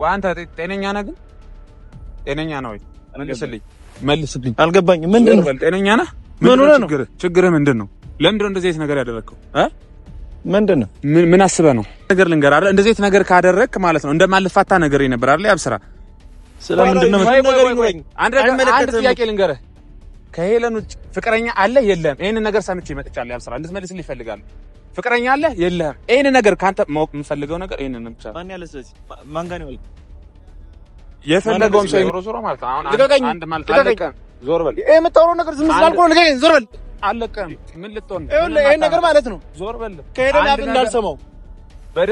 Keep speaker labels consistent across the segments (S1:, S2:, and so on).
S1: ቆይ አንተ ጤነኛ ነህ? ግን ጤነኛ ነህ ወይ?
S2: መልስልኝ፣
S3: መልስልኝ።
S4: አልገባኝም። ምንድን ነው ጤነኛ ነህ? ምን ሆነህ ነው?
S1: ችግርህ ምንድን ነው? ለምንድን ነው እንደዚህ አይነት ነገር ያደረግከው? ምንድን ነው? ምን አስበህ ነው? ነገር ልንገር አይደል? እንደዚህ አይነት ነገር ካደረግክ ማለት ነው እንደማልፋታ ነገር ነበር አይደል? ያብስራ ስለምንድን ነው አንድ ጥያቄ ልንገርህ ከሄለን ውጭ ፍቅረኛ አለ የለም? ይህንን ነገር ሰምቼ መጥቻለሁ። ያብስራ እንድትመልስልኝ ይፈልጋል ፍቅረኛ አለህ የለህም? ይህን ነገር ከአንተ ማወቅ የምፈልገው ነገር ይህን ብቻ ነው። የፈለገውም ሰው ዞሮ ማለት አሁን አንድ ማለት ዞር በል።
S4: ይሄ የምታወራው ነገር ዝም ስላልኩ ነው። ዞር በል። ምን ልትሆን ይሄን ነገር ማለት ነው። ዞር በል። ከሄደ ላብ እንዳልሰማው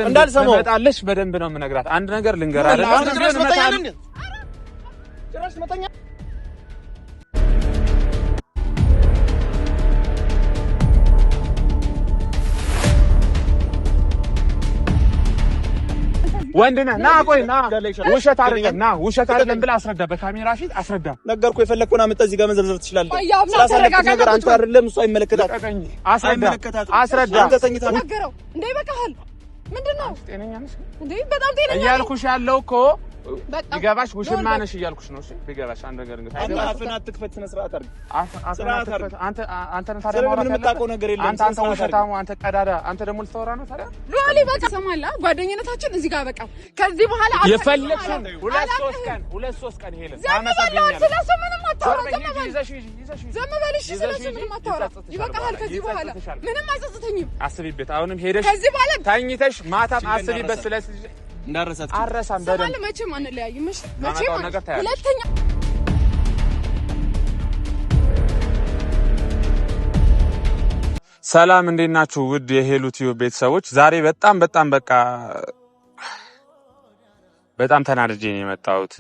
S1: እንዳልሰማው ትመጣለች። በደንብ ነው የምነግራት። አንድ ነገር ልንገርህ ጭራሽ ወንድ ነህ ና ቆይ ና ውሸት አይደለም ና ውሸት አይደለም ብለህ አስረዳ በካሜራ ፊት አስረዳ ነገርኩህ የፈለግከውን አመጣህ እዚህ ጋር መዘብዘብ ትችላለህ ስላሳለፍኩት ነገር አንተ አይደለም እሱ አይመለከታትም አስረዳ ምንድን ነው እያልኩሽ ያለው እኮ ቢገባሽ ውሽማ ነሽ እያልኩሽ ነው። ቢገባሽ አንድ ነገር እንግዲህ ስነ ስርዓት አንተ አንተ ነገር አንተ አንተ አንተ ቀዳዳ፣ አንተ ደግሞ ልታወራ ነው ታዲያ።
S4: በቃ ሰማላ፣ ጓደኝነታችን እዚህ ጋር በቃ። ከዚህ በኋላ
S1: የፈለግሽውን ሁለት ሶስት ቀን ሁለት ሶስት ቀን
S4: ምንም አታወራም።
S1: አስቢበት። አሁንም ሄደሽ ከዚህ በኋላ ተኝተሽ ማታም አስቢበት ስለዚህ እንዳረሳችሁ
S4: በደንብ መቼም አንለያይም። እሺ መቼም ሁለተኛ
S1: ሰላም እንዴት ናችሁ? ውድ የሄሉ ቲዩብ ቤተሰቦች ዛሬ በጣም በጣም በቃ በጣም ተናድጄ ነው የመጣሁት።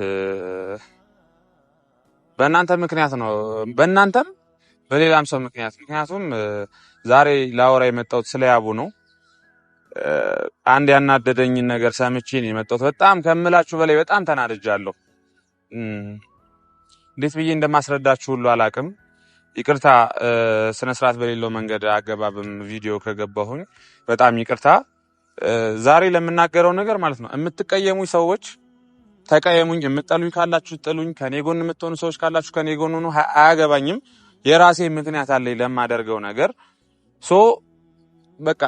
S1: በእናንተ ምክንያት ነው፣ በእናንተም በሌላም ሰው ምክንያት። ምክንያቱም ዛሬ ላወራ የመጣሁት ስለ ያቡ ነው። አንድ ያናደደኝን ነገር ሰምቼ ነው የመጣሁት። በጣም ከምላችሁ በላይ በጣም ተናድጃለሁ። እንዴት ብዬ እንደማስረዳችሁ ሁሉ አላቅም። ይቅርታ፣ ስነ ስርዓት በሌለው መንገድ አገባብም ቪዲዮ ከገባሁኝ በጣም ይቅርታ። ዛሬ ለምናገረው ነገር ማለት ነው የምትቀየሙኝ ሰዎች ተቀየሙኝ፣ የምጠሉኝ ካላችሁ ጥሉኝ፣ ከኔ ጎን የምትሆኑ ሰዎች ካላችሁ ከኔ ጎን ሆኑ፣ አያገባኝም። የራሴ ምክንያት አለኝ ለማደርገው ነገር ሶ በቃ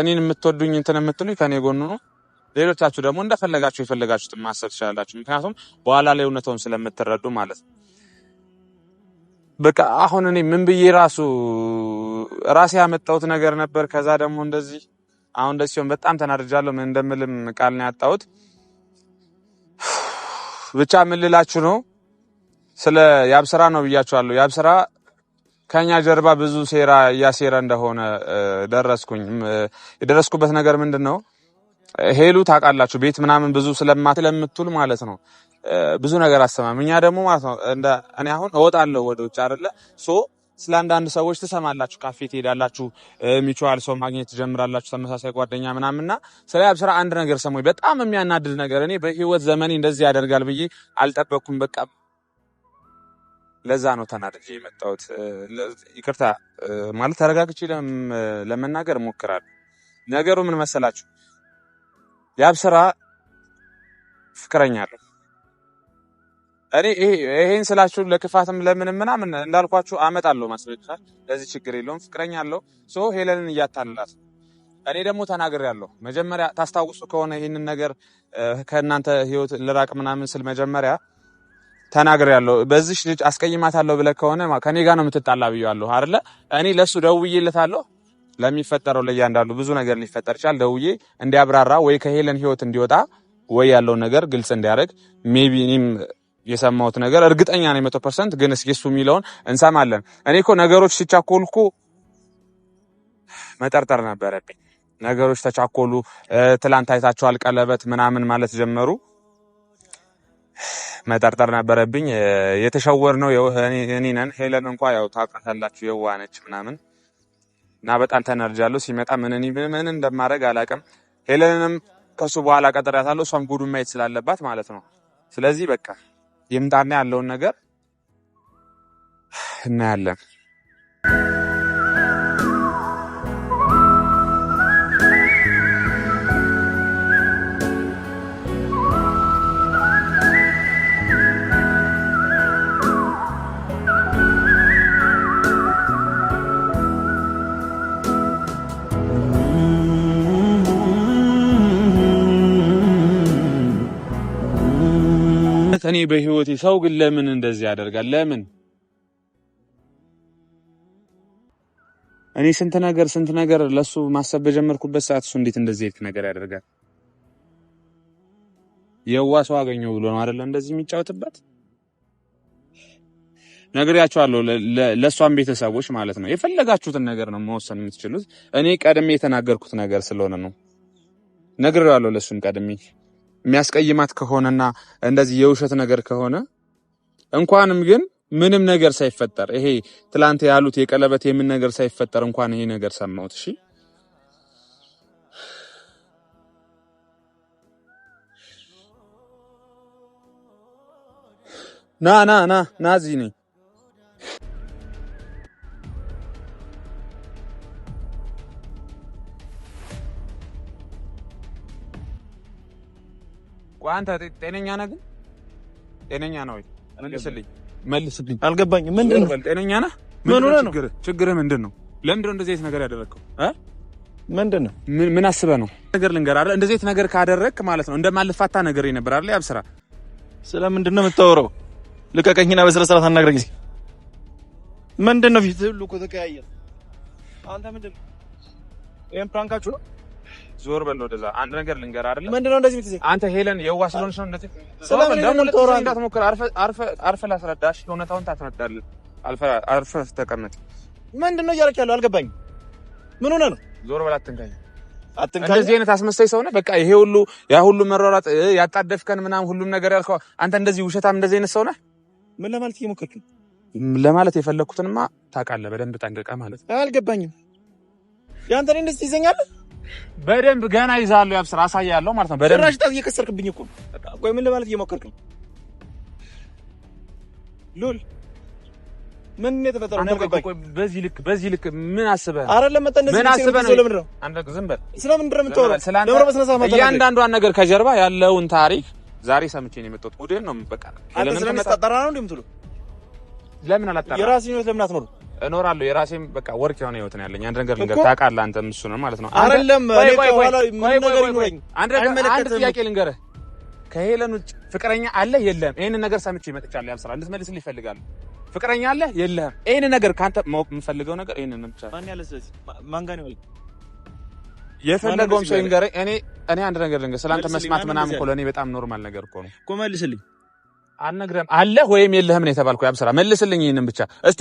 S1: እኔን የምትወዱኝ እንትን የምትሉኝ ከኔ ጎኑ ነው። ሌሎቻችሁ ደግሞ እንደፈለጋችሁ የፈለጋችሁትን ማሰብ ትችላላችሁ። ምክንያቱም በኋላ ላይ እውነታውን ስለምትረዱ ማለት ነው። በቃ አሁን እኔ ምን ብዬ ራሱ ራሴ ያመጣሁት ነገር ነበር። ከዛ ደግሞ እንደዚህ አሁን እንደዚህ ሲሆን በጣም ተናድጃለሁ። ምን እንደምልም ቃል ነው ያጣሁት። ብቻ ምን ልላችሁ ነው ስለ ያብስራ ነው ብያችኋለሁ። ያብስራ ከኛ ጀርባ ብዙ ሴራ እያሴረ እንደሆነ ደረስኩኝ። የደረስኩበት ነገር ምንድን ነው? ሄሉ ታውቃላችሁ፣ ቤት ምናምን ብዙ ስለማትለምትል ማለት ነው ብዙ ነገር አሰማም። እኛ ደግሞ ማለት ነው እኔ አሁን እወጣለሁ ወደ ውጭ አይደለ ሶ ስለ አንዳንድ ሰዎች ትሰማላችሁ፣ ካፌ ትሄዳላችሁ፣ ሚቹዋል ሰው ማግኘት ትጀምራላችሁ፣ ተመሳሳይ ጓደኛ ምናምንና ስለ ያብስራ አንድ ነገር ሰሞኝ በጣም የሚያናድድ ነገር እኔ በህይወት ዘመኔ እንደዚህ ያደርጋል ብዬ አልጠበቅኩም። በቃ ለዛ ነው ተናድጄ የመጣሁት። ይቅርታ ማለት ተረጋግቼ ለመናገር እሞክራለሁ። ነገሩ ምን መሰላችሁ? የአብስራ ፍቅረኛ አለሁ እኔ። ይሄን ስላችሁ ለክፋትም ለምን ምናምን እንዳልኳችሁ አመጣለሁ ማስረጃ። ለዚህ ችግር የለውም። ፍቅረኛ አለው ሰው ሄለንን እያታልላት እኔ ደግሞ ያለው መጀመሪያ ታስታውሱ ከሆነ ይህንን ነገር ከእናንተ ህይወት ልራቅ ምናምን ስል መጀመሪያ ተናግር ያለው በዚህ ልጅ አስቀይማታለሁ ብለህ ከሆነ ከኔ ጋር ነው የምትጣላ ብያለሁ አይደለ? እኔ ለሱ ደውዬለታለሁ። ለሚፈጠረው ለእያንዳንዱ ብዙ ነገር ሊፈጠር ይችላል። ደውዬ እንዲያብራራ ወይ ከሄለን ህይወት እንዲወጣ ወይ ያለው ነገር ግልጽ እንዲያደርግ ሜቢ እኔም የሰማሁት ነገር እርግጠኛ ነኝ መቶ ፐርሰንት ግን እስኪ እሱ የሚለውን እንሰማለን። እኔ እኮ ነገሮች ሲቻኮልኩ እኮ መጠርጠር ነበረብኝ። ነገሮች ተቻኮሉ። ትላንት አይታቸዋል ቀለበት ምናምን ማለት ጀመሩ። መጠርጠር ነበረብኝ። የተሸወር ነው እኔ ሄለን እንኳ ያው ታውቃታላችሁ፣ ነች ምናምን እና በጣም ተነርጃለሁ። ሲመጣ ምን ምን እንደማደርግ አላውቅም። ሄለንንም ከሱ በኋላ ቀጥሬያታለሁ። እሷም ጉዱን ማየት ስላለባት ማለት ነው። ስለዚህ በቃ ይምጣና ያለውን ነገር እናያለን። እኔ በህይወቴ ሰው ግን ለምን እንደዚህ ያደርጋል? ለምን እኔ ስንት ነገር ስንት ነገር ለሱ ማሰብ በጀመርኩበት ሰዓት እሱ እንዴት እንደዚህ አይነት ነገር ያደርጋል? የዋ ሰው አገኘው ብሎ ነው አይደለ እንደዚህ የሚጫወትበት ነግሬያቸዋለሁ። ለእሷም ቤተሰቦች ማለት ነው የፈለጋችሁትን ነገር ነው መወሰን የምትችሉት። እኔ ቀድሜ የተናገርኩት ነገር ስለሆነ ነው ነግሬዋለሁ፣ ለእሱም ቀድሜ የሚያስቀይማት ከሆነና እንደዚህ የውሸት ነገር ከሆነ እንኳንም ግን ምንም ነገር ሳይፈጠር ይሄ ትላንት ያሉት የቀለበት የምን ነገር ሳይፈጠር እንኳን ይሄ ነገር ሰማሁት። እሺ ና ና ና ና እዚህ ነኝ። ቆይ አንተ ጤነኛ ነህ? ግን ጤነኛ ነህ ወይ? መልስልኝ፣
S3: መልስልኝ።
S4: አልገባኝም። ምንድን ነው ጤነኛ ነህ? ምን ሆነህ ነው?
S1: ችግርህ ምንድን ነው? ለምንድን ነው እንደዚህ ነገር ያደረግከው? ምንድን ነው? ምን አስበህ ነው? ነገር ልንገርህ አይደል? እንደዚህ ነገር ካደረግክ ማለት ነው እንደማልፋታ ነገር ነበር አይደል? ያብስራ፣ ስለምንድን ነው የምታወራው? ልቀቀኝና በስነ ስርዓት አናግረኝ። እስኪ ምንድን ነው ፊትህ ሁሉ እኮ ተቀያየረ። አንተ ምንድን ነው ይሄን ፕራንካችሁ ነው ዞር በል ወደዛ። አንድ ነገር ልንገር አይደለ?
S4: ምንድነው እንደዚህ የምትይዘኝ
S1: አንተ? ሄለን የዋ ስለሆነች ነው እንደዚህ። ስለምን ደግሞ ተወራ እንዳትሞክር። አርፈ አርፈ አርፈ ላስረዳሽ፣ እውነታውን ታስረዳል። አልፈ አርፈ ተቀመጥ።
S4: ምንድነው እያልክ ያለው አልገባኝም። ምን ሆነ ነው?
S1: ዞር በል አትንካኝ፣ አትንካኝ። እንደዚህ አይነት አስመሳይ ሰው ነህ። በቃ ይሄ ሁሉ ያ ሁሉ መሯሯጥ ያጣደፍከን ምናምን ሁሉም ነገር ያልከው አንተ እንደዚህ ውሸታም እንደዚህ አይነት ሰው ነህ።
S4: ምን ለማለት እየሞከርክ ነው?
S1: ለማለት የፈለኩትንማ ታውቃለህ በደንብ ጠንቅቀህ ማለት
S4: ነው። አልገባኝም። ያንተ እንደዚህ ትይዘኛለህ
S1: በደንብ ገና ይዛለሁ ያብስራ አሳያለሁ ማለት
S4: ነው። በደንብ ጭራሽ እየከሰርክብኝ እኮ ቆይ፣ ምን ለማለት እየሞከርክ ነው? ሉል ምን
S1: ነው ቆይ፣ በዚህ ልክ በዚህ ልክ ምን አስበህ
S4: አይደለም መጣ እንደዚህ ነው። አንተ ዝም በል። ስለምን ድረም ተወራ
S1: እያንዳንዷን ነገር ከጀርባ ያለውን ታሪክ ዛሬ ሰምቼ ነው የመጣሁት። ጉዴን ነው በቃ።
S4: አንተ ስለምን ተጣራ ነው እንደምትሉ ለምን አላጣራ የራስህን ህይወት ለምን አትኖርም?
S1: እኖራለሁ የራሴም በቃ ወርቅ የሆነ ህይወት ነው ያለኝ። አንድ ነገር ልንገር፣ ታውቃለህ አንተም እሱ ነው ማለት ነው አይደለም። እኔ ከኋላ ምን ነገር ይኖረኝ፣ አንድ ጥያቄ ልንገርህ፣ ከሄለን ውጭ ፍቅረኛ አለ የለህም? ይሄንን ነገር ሰምቼ መጥቻለሁ። ያብስራ እንድትመልስልኝ እፈልጋለሁ። ፍቅረኛ አለ የለህም? ይሄንን ነገር ከአንተ ማወቅ የምፈልገው ነገር ይሄንን ብቻ። የፈለገውም ሰው ይንገረኝ። እኔ እኔ አንድ ነገር ልንገር፣ ስለአንተ መስማት ምናምን እኮ ለእኔ በጣም ኖርማል ነገር እኮ ነው እኮ። መልስልኝ። አልነግረህም አለህ ወይም የለህም ነው የተባልኩ። ያብስራ መልስልኝ፣ ይህንን ብቻ እስቲ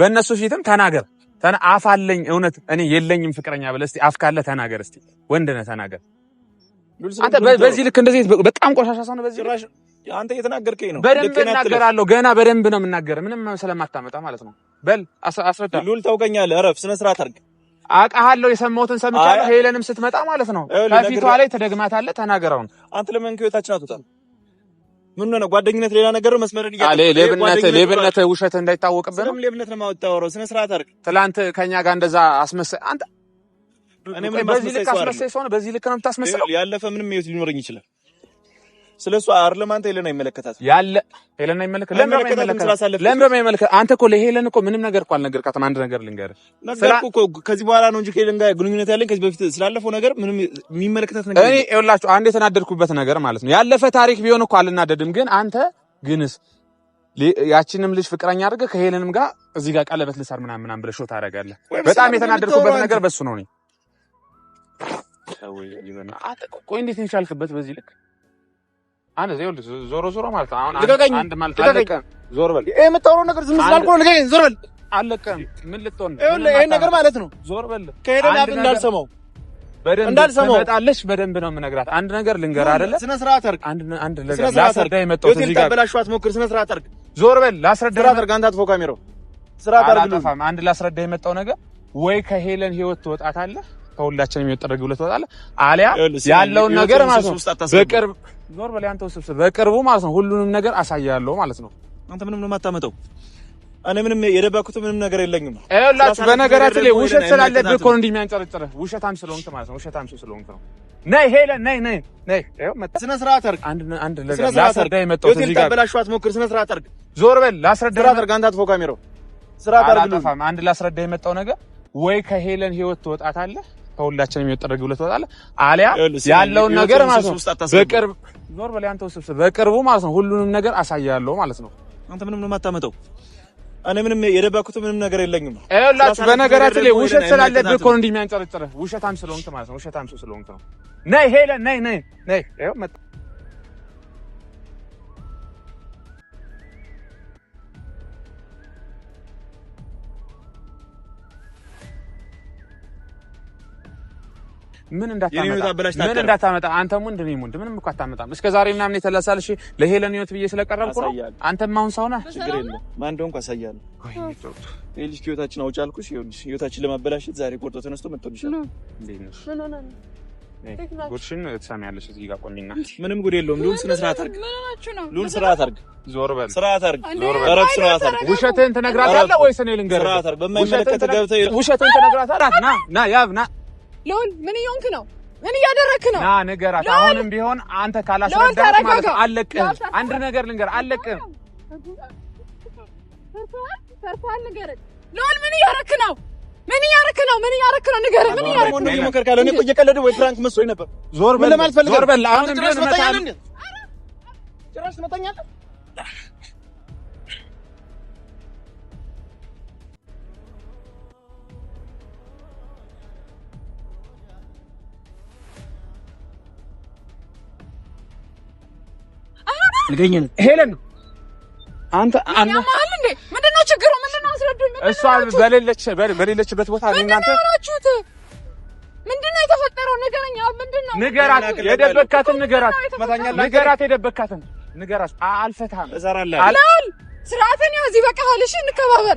S1: በእነሱ ፊትም ተናገር። አፍ አለኝ እውነት እኔ የለኝም ፍቅረኛ ብለህ እስኪ አፍ ካለህ ተናገር። እስኪ ወንድ ነህ ተናገር። አንተ በዚህ ልክ እንደዚህ በጣም ቆሻሻ ሰው ነው። በዚህ
S4: አንተ እየተናገርከኝ ነው።
S1: በደንብ እናገራለሁ። ገና በደንብ ነው የምናገር፣ ምንም ስለማታመጣ ማለት ነው። በል አስረዳ።
S4: ሉል ታውቀኛለህ። እረፍ፣ ስነ ስርዓት አድርግ።
S1: አውቃለሁ፣ የሰማሁትን ሰምቻለሁ። ሄለንም ስትመጣ ማለት ነው ከፊቷ ላይ ተደግማታለህ። ተናገር
S4: አንተ ለምን ከቤታችን አትወጣም? ምን ሆነ? ጓደኝነት ሌላ ነገር መስመርን
S1: ይያለ ሌብነት ሌብነት ውሸት እንዳይታወቅብህ
S4: ነው። ሌብነት ነው የማወጣው። ስነ ስርዓት አድርግ።
S1: ትናንት ከኛ ጋር እንደዛ አስመሰል አንተ። በዚህ ልክ አስመሰል ሰው ነው። በዚህ ልክ ነው የምታስመስለው።
S4: ያለፈ ምንም ይወት ሊኖረኝ ይችላል ስለ እሱ አይደለም። አንተ ሄለን አይመለከታትም
S1: ያለ ሄለን አይመለከታትም። ለምን አይመለከታትም? አንተ እኮ ለሄለን እኮ ምንም ነገር እኮ አልነገርካትም። አንድ ነገር ልንገር
S4: ልንገርህ፣ ከዚህ በኋላ ነው እንጂ ከሄለን ጋር ግንኙነት ያለኝ ከዚህ በፊት ስላለፈው ነገር ምንም የሚመለከታት
S1: ነገር እኔ ይኸውላችሁ፣ አንድ የተናደድኩበት ነገር ማለት ነው ያለፈ ታሪክ ቢሆን እኮ አልናደድም። ግን አንተ ግንስ ያችንም ልጅ ፍቅረኛ አድርገህ ከሄለንም ጋር እዚህ ጋር ቀለበት ልሳር ምናምን ምናምን ብለህ ሾት ታደርጋለህ። በጣም የተናደድኩበት ነገር በሱ ነው። እኔ ቆይ እንዴት ነው የቻልክበት በዚህ ልክ አንድ ዘይ ዞሮ ዞሮ ማለት አሁን አንድ ማለት አለቀ። ዞር በል
S4: የምታወራው ነገር ዝም ስላልኩ ነው። ልቀቀኝ። ዞር በል
S1: አለቀ። ምን ልትሆን
S4: ይሄን ነገር ማለት ነው። ዞር በል ከሄደን አብ እንዳልሰማው
S1: እንዳልሰማው ትመጣለች። በደንብ ነው የምነግራት። አንድ ነገር ልንገር አይደለ? ስነ ስርዓት አርግ። አንድ አንድ ነገር ላስረዳ የመጣሁት
S4: እዚህ ጋር ታበላሽዋት ሞክር። ስነ ስርዓት አርግ።
S1: ዞር በል ላስረዳ
S4: አድርግ። አንተ አጥፎ ካሜራው
S1: ስርዓት አርግ። አንድ ላስረዳ የመጣው ነገር ወይ ከሄለን ህይወት ትወጣታለህ ከሁላችንም የሚወጠረግ ብለት ወጣለ አሊያ ያለውን ነገር ማለት ነው በቅርብ ዞር አንተ ውስጥ በቅርቡ ማለት ነው ሁሉንም ነገር አሳያለሁ ማለት ነው።
S4: አንተ ምንም ነው የማታመጣው። እኔ ምንም የደባኩት ምንም ነገር የለኝም።
S1: ይኸውላችሁ በነገራችን ላይ ውሸት ስላለብህ እኮ ነው እንዲህ የሚያንጨረጭረህ ውሸታም ስለሆንክ ማለት ነው። ውሸታም ስለሆንክ ነው። ነይ ሄለ ነይ ነይ ነይ ስነ ስርዓት አርግ። አንድ አንድ ስነ ነገር ዳይ መጣው
S4: እዚህ ጋር ተበላሽዋት ሞክር። ስነ ስርዓት አርግ።
S1: ዞር በል ላስረዳ
S4: አርግ። አንተ አጥፎ ካሜራው
S1: ስርዓት አርግ። አንድ ላስረዳ የመጣው ነገር ወይ ከሄለን ህይወት ትወጣታለህ ከሁላችንም የሚወጠረግ ብለት ወጣለ አሊያ ያለውን ነገር ማለት ነው በቅርብ ዞር በላይ አንተ ውስጥ በቅርቡ ማለት ነው ሁሉንም ነገር አሳያለሁ ማለት ነው።
S4: አንተ ምንም ነው የማታመጣው። እኔ ምንም የደባኩት ምንም ነገር የለኝም።
S1: ይኸውላችሁ በነገራችን ላይ ውሸት ስላለብህ እኮ ነው እንዲህ የሚያንጨረጨረህ። ውሸታም ስለሆንክ ማለት ነው። ውሸታም ስለሆንክ ነው። ነይ ሄለን ነይ ነይ ነይ መጣ ምን እንዳታመጣ አንተ ወንድ እኔም ወንድ ምንም እኮ አታመጣም። እስከ ዛሬ ምናምን የተላሳልሽ ለሄለን ህይወት ብዬ ስለቀረብኩ ነው። አንተም አሁን ሰው ነህ።
S4: ችግር የለም። ማን እንደሆንኩ አሳያለሁ። ይኸውልሽ ህይወታችን አውጪ አልኩሽ። ይኸውልሽ ህይወታችን ለማበላሸት ዛሬ ቆርጦ ተነስቶ መጥቶልሻል።
S1: ጉድሽን ትሰሚያለሽ። እዚህ ጋር ቆሚና
S4: ምንም ጉድ የለውም። ልሁን ስነ ስርዓት አድርግ፣ ልሁን ስርዓት አድርግ፣ ዞር በል፣ ስርዓት አርግ። ዞር በል። እረፍ፣ ስርዓት አድርግ።
S1: ውሸትህን ትነግራታለህ ወይስ እኔ ልንገርህ?
S4: ስርዓት አርግ። በማይመለከት ገብተህ
S1: ውሸትህን ትነግራታለህ። ና ና ያብ ና
S4: ሎን ምን እየሆንክ ነው? ምን እያደረክ ነው?
S1: ና ንገራት። አሁንም ቢሆን አንተ ካላስረዳት ማለት አለቅህም። አንድ ነገር ልንገር፣ አለቅህም።
S4: ሎን ምን እያደረክ ነው? ምን እያደረክ ነው? ምን እያደረክ ነው? ንገር። ምን እያደረክ ነው? እየሞከርክ ያለው እኔ እኮ ወይ ፍራንክ መስሎኝ ነበር። ዞር በል። ለማለት ፈልገህ?
S1: ዞር በል። ጭራሽ ትመጣኛለህ ጥገኝነት ሄለን ነው። አንተ
S4: አንተ ምንድነው ችግሩ? ምንድነው አስረዱኝ።
S1: እሷ በሌለች በሌለችበት ቦታ
S4: እናንተ ምንድነው የተፈጠረው? ንገረኝ። አሁን ምንድነው?
S1: ንገራት፣ የደበካትን ንገራት፣ ንገራት፣ የደበካትን ንገራት። አልፈታህም።
S4: እሰራለሁ። ስርዓትን ያው እዚህ በቃ ሀልሽ እንከባበር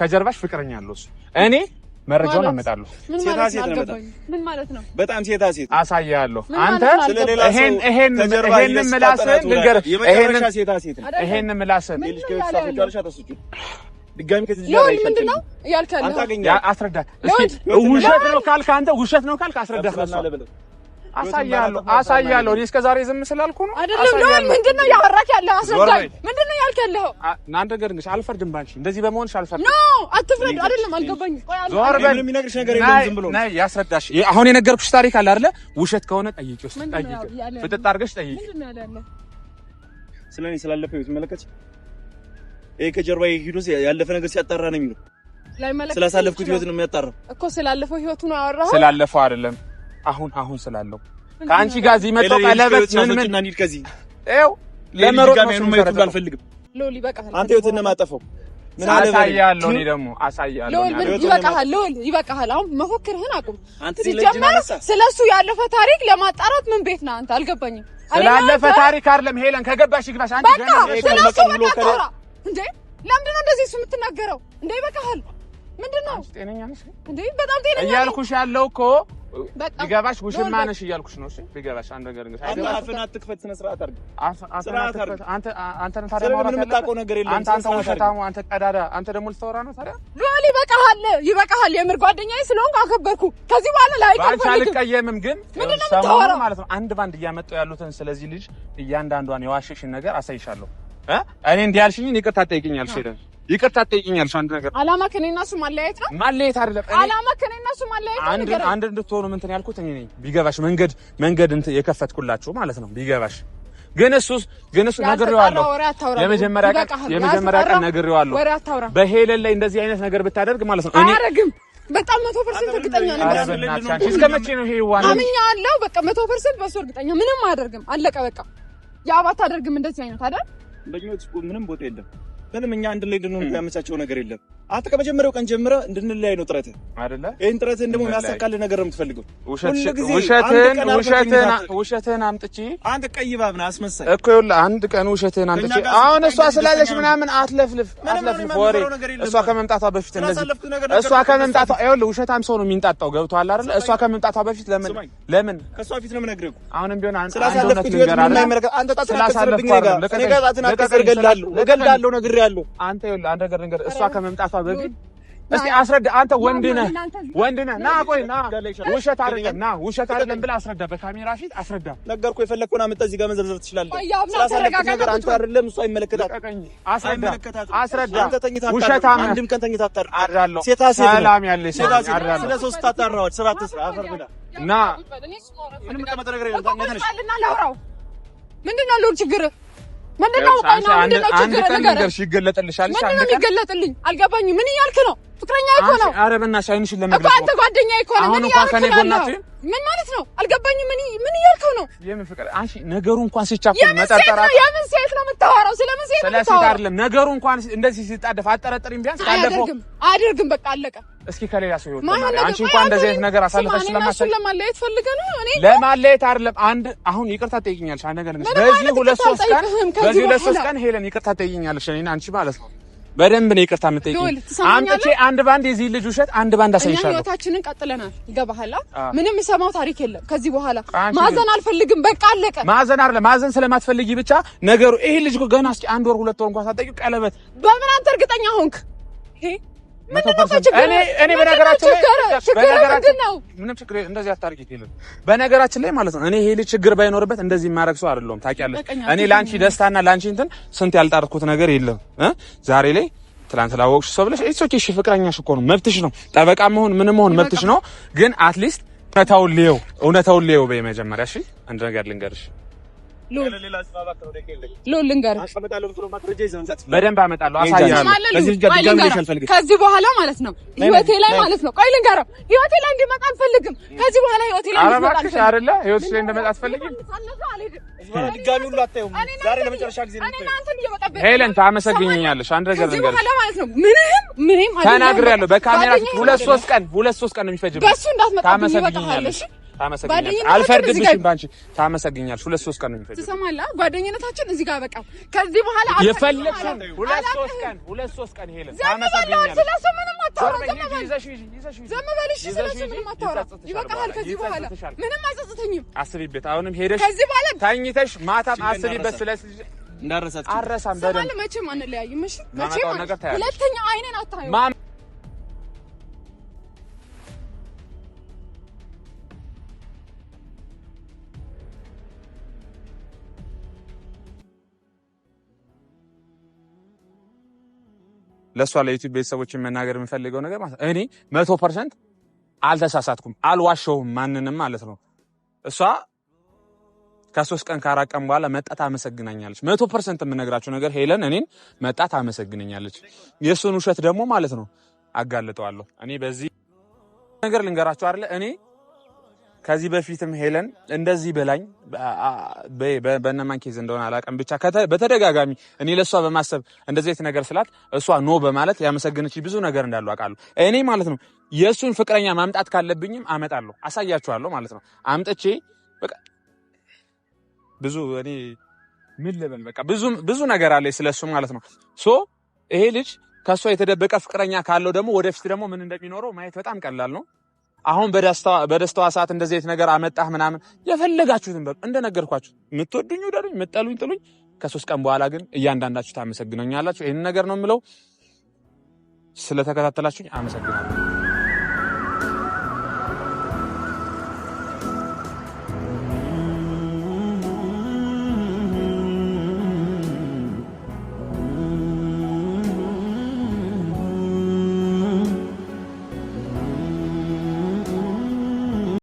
S1: ከጀርባሽ ፍቅረኛ አለው እኔ መረጃውን አመጣለሁ።
S4: ሴታ ሴት ነው። ምን ማለት ነው? በጣም ሴታ ሴት
S1: አሳያለሁ። አንተ ይሄን ይሄን ይሄን ምላስህን ልንገርህ።
S4: ይሄን ሴታ ሴት ነው።
S1: ይሄን ምላስህን
S4: ድጋሚ ከዚህ ጋር ምንድነው
S1: ያልከኝ? አስረዳህ። ውሸት ነው ካልክ አንተ ውሸት ነው ካልክ አስረዳህ ነው አሳያለሁ አሳያለሁ። እኔ እስከ ዛሬ ዝም ስላልኩ ነው።
S4: አይደለም ነው። ምንድን ነው ያወራክ ያለው? አስረዳኝ። ምንድን ነው ያልክ ያለው?
S1: አንተ ገር ነሽ። አልፈርድም ባንቺ። እንደዚህ በመሆንሽ አልፈርድም።
S4: ኖ አትፍረድ። አይደለም አልገባኝም። ዞር በል። ምንም የሚነግርሽ ነገር
S1: የለም። ዝም ብሎ ነይ ያስረዳሽ። አሁን የነገርኩሽ ታሪክ አለ አይደለ? ውሸት ከሆነ ጠይቂ፣ ውስጥ ጠይቂ፣ ፍጥጥ አድርገሽ ጠይቂ። ምንድን ያለው?
S4: ስለኔ ስላለፈ ይሁት መለከች ይሄ ከጀርባዬ ሂዶ ያለፈ ነገር ሲያጣራ ነው የሚለው። ስላሳለፍኩት ህይወት ነው የሚያጣራው እኮ ስላለፈው ህይወቱ ነው ያወራው።
S1: ስላለፈው አይደለም አሁን አሁን ስላለው ከአንቺ ጋር እዚህ
S4: ቀለበት ምን ምን ይኸው ለመሮጥ ነው
S1: አንተ ምን አለ
S4: ይበቃሃል። ይበቃሃል። አሁን አቁም። ሲጀመር ስለሱ ያለፈ ታሪክ ለማጣራት ምን ቤት ነህ አንተ? አልገባኝም።
S1: ስላለፈ ታሪክ አይደለም ሄለን፣ ከገባሽ ይግባሽ።
S4: አንተ ገና ስለሱ መጣጣራ እንዴ! ለምንድን ነው እንደዚህ እሱ የምትናገረው እንዴ? ይበቃሃል። ምንድን ነው ጤነኛ ነሽ እንዴ? በጣም ጤነኛ
S1: እያልኩሽ ያለው እኮ ቢገባሽ ውሽማ ነሽ እያልኩሽ ነው። እሺ ቢገባሽ አንድ ነገር አንተ ቀዳዳ፣ አንተ ደግሞ ልታወራ ነው ታዲያ።
S4: ይበቃሃል፣ ይበቃሃል። የምር ጓደኛዬ ስለሆንክ አከበርኩ። ከዚህ በኋላ ላይ
S1: አልቀየምም፣ ግን ሰሞኑን ማለት ነው አንድ ባንድ እያመጣሁ ያሉትን ስለዚህ ልጅ እያንዳንዷን የዋሸሽን ነገር አሳይሻለሁ። እኔ እንዲህ ያልሽኝን ይቅርታ ጠይቅኛል ሄደን ይቅርታ ትጠይቂኛለሽ። አንድ ነገር
S4: አላማ ከኔና እሱ ማለያየት ነው።
S1: ማለያየት አይደለም።
S4: አላማ ከኔና እሱ ማለያየት
S1: አንድ አንድ እንድትሆኑ እንትን ያልኩት እኔ ነኝ። ቢገባሽ መንገድ መንገድ እንትን የከፈትኩላችሁ ማለት ነው። ቢገባሽ ግን እሱ ግን እሱ ነግሬዋለሁ። የመጀመሪያ ቀን የመጀመሪያ ቀን ነግሬዋለሁ። በሄለን ላይ እንደዚህ አይነት ነገር ብታደርግ ማለት
S4: ነው እኔ አረግም በጣም መቶ ፐርሰንት እርግጠኛ
S1: ነኝ። እስከ መቼ ነው ይሄ
S4: ዋና አለው። በቃ መቶ ፐርሰንት በእሱ እርግጠኛ ምንም አያደርግም። አለቀ በቃ። የአባት አደርግም እንደዚህ አይነት
S1: አይደል በእኛ ምንም ቦታ የለም። ምንም እኛ አንድ ላይ እንድንሆን ያመቻቸው ነገር የለም። አንተ ከመጀመሪያው ቀን ጀምረ እንድንለያይ ነው ጥረት አይደለ? ይሄን ጥረትህን ደግሞ የሚያሳካልህ ነገር ነው የምትፈልገው። ውሸትህን አምጥቼ
S4: አንተ ቀይ እባብ ነህ አስመሳይ
S1: እኮ። ይኸውልህ አንድ ቀን ውሸትህን አምጥቼ አሁን እሷ ስላለች ምናምን አትለፍልፍ፣ አትለፍልፍ ወሬ። እሷ ከመምጣቷ በፊት እንደዚህ እሷ ከመምጣቷ ይኸውልህ፣ ውሸታም ሰው ነው የሚንጣጣው። ገብቶሃል አይደለ? እሷ ከመምጣቷ በፊት ለምን ለምን
S4: ከእሷ ፊት ነው የምነግርህ አሁንም ቢሆን አንተ ስላሳለፍኩት ነገር እገላለሁ፣ እገላለሁ፣ ነግሬሃለሁ።
S1: አንተ ነገር አንድ ነገር ነገር እሷ ከመምጣቷ በፊት እስቲ አስረዳ። አንተ ወንድ ነህ ወንድ ነህ ና ቆይ ና ውሸት አይደለም ና ውሸት አይደለም ብለህ አስረዳ። በካሜራ ፊት አስረዳ።
S4: ነገርኩ። የፈለግከውን አምጥተህ እዚህ ጋር መዘርዘር ትችላለህ። ስላሳለፍኩት ነገር አንተ አይደለም እሷ ይመለከታል።
S1: አስረዳ አስረዳ። አንተ ተኝታ ውሸታ፣ አንድም ቀን ተኝታ አታድርም። ሴታ ሴት ሰላም ያለች
S4: ሴታ ሴት ስለ ሶስት ታጣራዋለች። ስራ ትስራ አፈር ብላ እና ምንም ቀመጠ ነገር የለም። ምንድን ነው ችግርህ? ምንድነው? ቆይ ነው ምንድነው? ችግር ነገር
S1: ይገለጥልሻል።
S4: ምንድነው የሚገለጥልኝ? አልገባኝም። ምን እያልክ ነው? ፍቅረኛ እኮ
S1: ነው። ኧረ በእናትሽ አይንሽን
S4: ለመግለጽ እኮ አንተ ጓደኛ እኮ ነው። ምን ያልከኝ ምን ማለት ነው? አልገባኝም። ምን ምን እያልከው ነው?
S1: የምን ፍቅር? አንቺ ነገሩ እንኳን ሲቻኮል
S4: መጠርጠር የምን ሴት ነው የምታወራው? ስለምን ሴት
S1: ነው የምታወራው? አይደለም ነገሩ እንኳን እንደዚህ ሲጣደፍ አጠረጥሪም። ቢያንስ
S4: ካለፈው አያደርግም። በቃ አለቀ።
S1: እስኪ ከሌላ ሰው ይወጣ ማለት አንቺ እንኳን እንደዚህ አይነት ነገር
S4: አሳልፈሽ ስለማሰል ለማለየት ፈልገህ ነው?
S1: እኔ ለማለየት አይደለም። አንድ አሁን ይቅርታ ጠይቅኛለሽ አንድ ነገር ነው። በዚህ ሁለት ሶስት ቀን በዚህ ሁለት ሶስት ቀን ሄለን ይቅርታ ጠይቅኛለሽ እኔና አንቺ ማለት ነው በደንብ ነው ይቅርታ የምጠይቀው። አምጥቼ አንድ ባንድ የዚህ ልጅ ውሸት አንድ ባንድ አሳይሻለሁ።
S4: እኛ ህይወታችንን ቀጥለናል። ይገባሃል? ምንም የሰማው ታሪክ የለም ከዚህ በኋላ ማዘን አልፈልግም። በቃ አለቀ።
S1: ማዘን አለ ማዘን ስለማትፈልጊ ብቻ ነገሩ ይሄ ልጅ ገና እስኪ አንድ ወር ሁለት ወር እንኳን ሳጠቂው ቀለበት
S4: በምን አንተ እርግጠኛ ሆንክ?
S1: በነገራችን ላይ ማለት ነው እኔ ይሄ ልጅ ችግር ባይኖርበት እንደዚህ የማደርግ ሰው አይደለሁም። ታውቂያለሽ፣ እኔ ለአንቺ ደስታና ለአንቺ እንትን ስንት ያልጣርኩት ነገር የለም። ዛሬ ላይ ትላንት ላወቅሽ ሰው ብለሽ ኢትስ ኦኬ። እሺ ፍቅረኛሽ እኮ ነው መብትሽ ነው። ጠበቃ መሆን ምን መሆን መብትሽ ነው። ግን አትሊስት እውነታውን ልየው፣ እውነታውን ልየው በመጀመሪያ። እሺ አንድ ነገር ልንገርሽ
S4: ሎል ልንገርህ፣
S1: በደንብ አመጣለሁ፣
S4: ከዚህ በኋላ ማለት ነው ህይወቴ ላይ ማለት ነው። ቆይ ልንገረው፣ ህይወቴ ላይ እንዲመጣ አልፈልግም። ከዚህ በኋላ ህይወቴ ላይ
S1: እንዲመጣ አልፈልግም። ሄለን ታመሰግኛለሽ። አንድ ነገር ልንገርሽ ተናግሬያለሁ። በካሜራ ሁለት ሶስት ቀን ሁለት ሶስት ቀን ነው የሚፈጅብሽ። ታመሰግኛለሽ ታመሰግኛለሽ። አልፈርድብሽም ባንቺ ታመሰግኛለሽ። ሁለት ሶስት ቀን ነው የሚፈጅ
S4: ትሰማለህ። ጓደኝነታችን እዚህ ጋር በቃ ከዚህ በኋላ
S1: የፈለግሽውን ሁለት ሶስት ቀን ምንም አታወራም። አስቢበት። አሁንም ሄደሽ ከዚህ በኋላ ተኝተሽ ማታም አስቢበት። ስለስ እንዳረሳችሁ
S4: አረሳም በደንብ መቼም አንለያይም። እሺ መቼም ሁለተኛ አይኔን አታዩ
S1: ለእሷ ለዩቲዩብ ቤተሰቦች መናገር የምፈልገው ነገር ማለት እኔ መቶ ፐርሰንት አልተሳሳትኩም፣ አልዋሸውም ማንንም ማለት ነው። እሷ ከሶስት ቀን ከአራት ቀን በኋላ መጣት አመሰግናኛለች። መቶ ፐርሰንት የምነግራቸው ነገር ሄለን እኔን መጣ አመሰግናኛለች። የእሱን ውሸት ደግሞ ማለት ነው አጋልጠዋለሁ። እኔ በዚህ ነገር ልንገራቸው አለ እኔ ከዚህ በፊትም ሄለን እንደዚህ በላኝ በእነማን ኬዝ እንደሆነ አላውቅም። ብቻ በተደጋጋሚ እኔ ለእሷ በማሰብ እንደዚህ አይነት ነገር ስላት እሷ ኖ በማለት ያመሰገነች ብዙ ነገር እንዳሉ አውቃለሁ። እኔ ማለት ነው የእሱን ፍቅረኛ ማምጣት ካለብኝም አመጣለሁ፣ አሳያችኋለሁ ማለት ነው። አምጥቼ ብዙ እኔ ምን ልበል በቃ ብዙ ነገር አለ ስለሱ ማለት ነው። ሶ ይሄ ልጅ ከእሷ የተደበቀ ፍቅረኛ ካለው ደግሞ ወደፊት ደግሞ ምን እንደሚኖረው ማየት በጣም ቀላል ነው። አሁን በደስታዋ ሰዓት እንደዚህ አይነት ነገር አመጣህ ምናምን የፈለጋችሁትን በሉ። እንደነገርኳችሁ የምትወዱኝ ውደዱኝ፣ የምትጠሉኝ ጥሉኝ። ከሶስት ቀን በኋላ ግን እያንዳንዳችሁ ታመሰግኑኛላችሁ። ይህን ነገር ነው የምለው። ስለተከታተላችሁኝ አመሰግናለሁ።